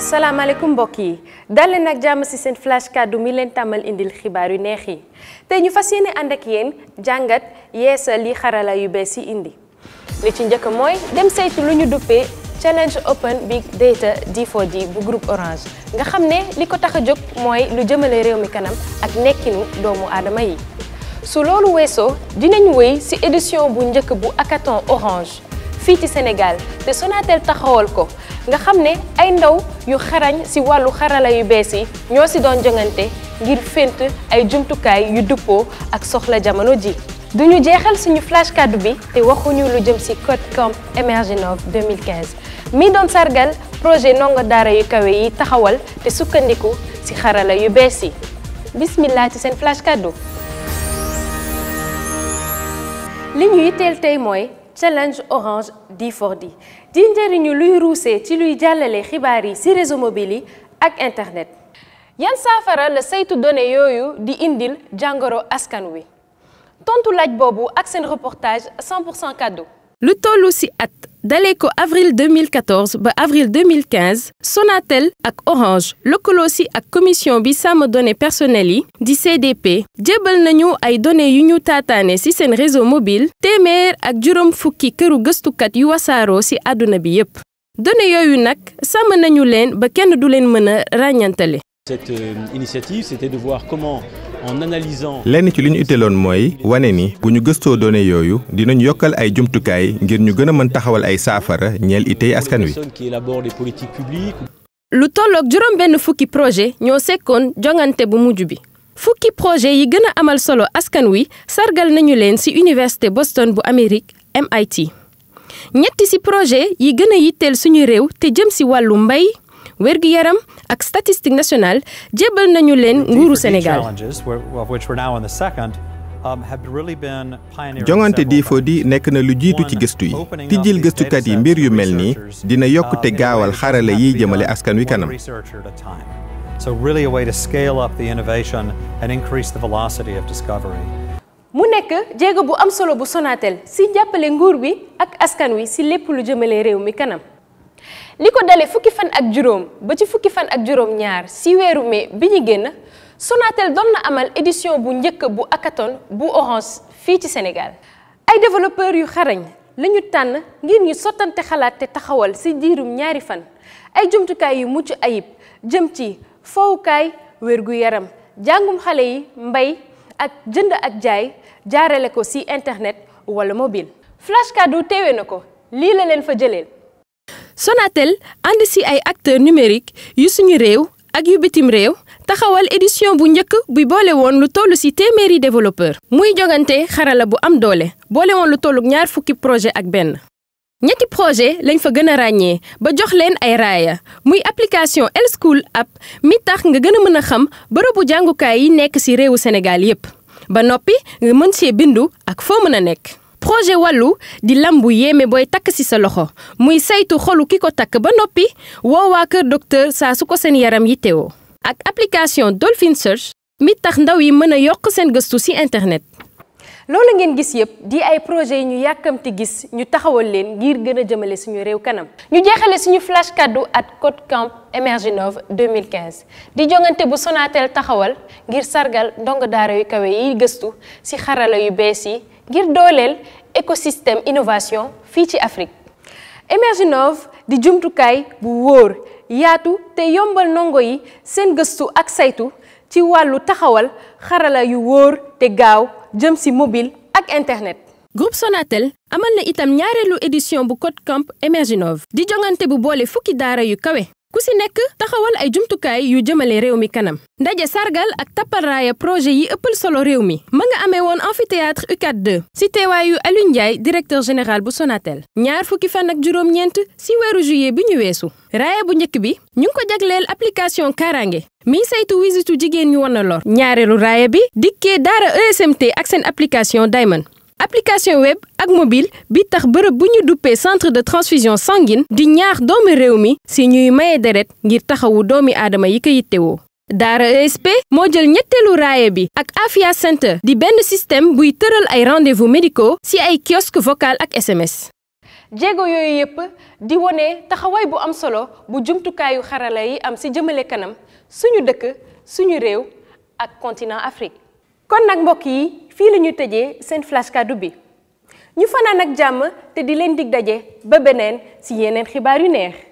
asalaamaaleykum mbokk yi dal leen ak jàmm si seen flash kàddu mi leen tàmmal indil xibaar yu neex yi te ñu fas yéene ànd ak yéen jàngat yeesal yi xarala yu bees yi indi li ci njëkk mooy dem saytu lu ñu duppee challenge open big data D4D bu groupe Orange nga xam ne li ko tax a jóg mooy lu jëmale réew mi kanam ak nekkinu doomu aadama yi su loolu weesoo dinañ wéy si édition bu njëkk bu hackathon Orange fii ci Sénégal te Sonatel taxawal ko nga xam ne ay ndaw yu xarañ ci wàllu xarala yu bees yi ñoo ci doon jongante ngir fént ay jumtukaay yu duppoo ak soxla jamono ji duñu jeexal suñu flash kàddu bi te waxuñu lu jëm ci code camp Emerginov 2015 mi doon sargal projet ndongo daara yu kawe yi taxawal te sukkandiku ci xarala yu bees yi bismillah ci seen flash kàddu li ñu tey mooy challenge orange di for di di njëriñu luy ruusee ci luy jàllale xibaar yi ci réseau mobile yi ak internet. yan saafara la saytu données yooyu di indil jàngoro askan wi tontu laaj boobu ak seen reportage 100 pour lu tollu ci at. dalee ko avril 2014 ba avril 2015 Sonatel ak Orange lëkkaloo si ak commission bi sàmm données personnelles yi di CDP jébbal nañu ay données yu ñu taataane si seen réseau mobile téeméer ak juróom fukki këru gëstukat yu wasaaroo si àdduna bi yépp données yooyu nag sàmm nañu leen ba kenn du leen mën a ràññantale. Cette euh, initiative, c'était de voir comment lenn ci li ñu itteeloon mooy wane ni bu ñu gëstoo données yooyu dinañ yokkal ay jumtukaay ngir ñu gën a mën taxawal ay saafara ñeel itey askan wi. lu tolloog juróom benn fukki projet ñoo sekkoon jongante bu mujj bi fukki projet yi gën a amal solo askan wi sargal nañu leen ci université Boston bu Amérique MIT ñetti ci projet yi gën a yitteel suñu réew te jëm ci wàllu mbay. wérgu yaram ak statistique nationale jébbal nañu leen nguuru Sénégal. Um, jongante DFOD di nekk na lu jiitu ci gëstu yi tijjil gëstukat yi mbir yu mel nii dina um, yokk te gaawal xarala yiy jëmale askan wi kanam. mu nekk jéego bu am solo bu Sonatel si jàppale nguur bi ak askan wi si lépp lu jëmale réew mi kanam. li ko dalee fukki fan ak juróom ba ci fukki fan ak juróom ñaar si weeru mai bi ñu génn Sonatel doon na amal édition bu njëkk bu hackathon bu Orange fii ci Sénégal ay développeurs yu xarañ la ñu tànn ngir ñu sottante xalaat te taxawal si diirum ñaari fan ay jumtukaay yu mucc ayib jëm ci fowukaay wérgu yaram jàngum xale yi mbay ak jënd ak jaay jaarale ko si internet wala mobile. Flash Cadeau teewee na ko lii la leen fa jëleel. Sonatel ànd si ay acteurs numériques yu suñu réew ak yu bitim réew taxawal édition bu njëkk bu boole woon lu toll si téeméeri développeur muy jogante xarala bu am doole boole woon lu tollu ñaar fukki projet ak benn. ñetti projet lañ fa gën a ràññee ba jox leen ay raaya muy application El School app mi tax nga gën a mën a xam bërëbu jàngukaay yi nekk si réewu senegal yépp ba noppi nga mën see bindu ak foo mën a nekk. projet wàllu di lambu yéeme booy takk ci sa loxo muy saytu xolu ki ko takk ba noppi woowaa kër docteur saa su ko seen yaram yi teewoo. ak application Dolphin Search mi tax ndaw yi mën a yokk seen gëstu ci internet. loolu ngeen gis yëpp di ay projet yi ñu yàkkamte gis ñu taxawal leen ngir gën a jëmale suñu réew kanam ñu jeexale suñu flash kaddu at code camp Emerginov 2015 di jongante bu Sonatel taxawal ngir sargal ndongo daara yu kawe yi gëstu ci xarala yu bees yi ngir dooleel écosystème innovation fii ci Afrique Emerginov di jumtukaay bu wóor yaatu te yombal ndongo yi seen gëstu ak saytu ci wàllu taxawal xarala yu wóor te gaaw jëm ci mobile ak internet. groupe Sonatel amal na itam ñaareelu édition bu Codecamp Emerginov di jongante bu boole fukki daara yu kawe. ku si nekk taxawal ay jumtukaay yu jëmale réew mi kanam ndaje sargal ak tappal raaya projet yi ëppal solo réew mi ma nga amee woon amphithéâtre UCAD 2 ci teewaayu Alioune Ndiaye directeur général bu Sonatel ñaar fukki fan ak juróom-ñeent si weeru juillet bi ñu weesu raaya bu njëkk bi ñu ngi ko jagleel application Kaaraange mi saytu wisitu jigéen ñu wan a lor ñaareelu raaya bi dikkee daara ESMT ak seen application Diamond application web ak mobile bi tax bërëb bu ñu duppee centre de transfusion sanguine di ñaax doomi réew mi si ñuy maye deret ngir taxawu doomi aadama yi ko yittewoo daara ESP moo jël ñetteelu raaye bi ak Afia Center di benn système buy tëral ay rendez-vous médicaux si ay kiosque vocal ak SMS. jéego yooyu yépp di wone taxawaay bu am solo bu jumtukaayu xarala yi am ci jëmale kanam suñu dëkk suñu réew ak continent Afrique kon nag mbokk yi. fii la ñu tëjee seen flash kàddu bi ñu fanaan ak jàmm te di leen dig daje ba beneen si yeneen xibaar yu neex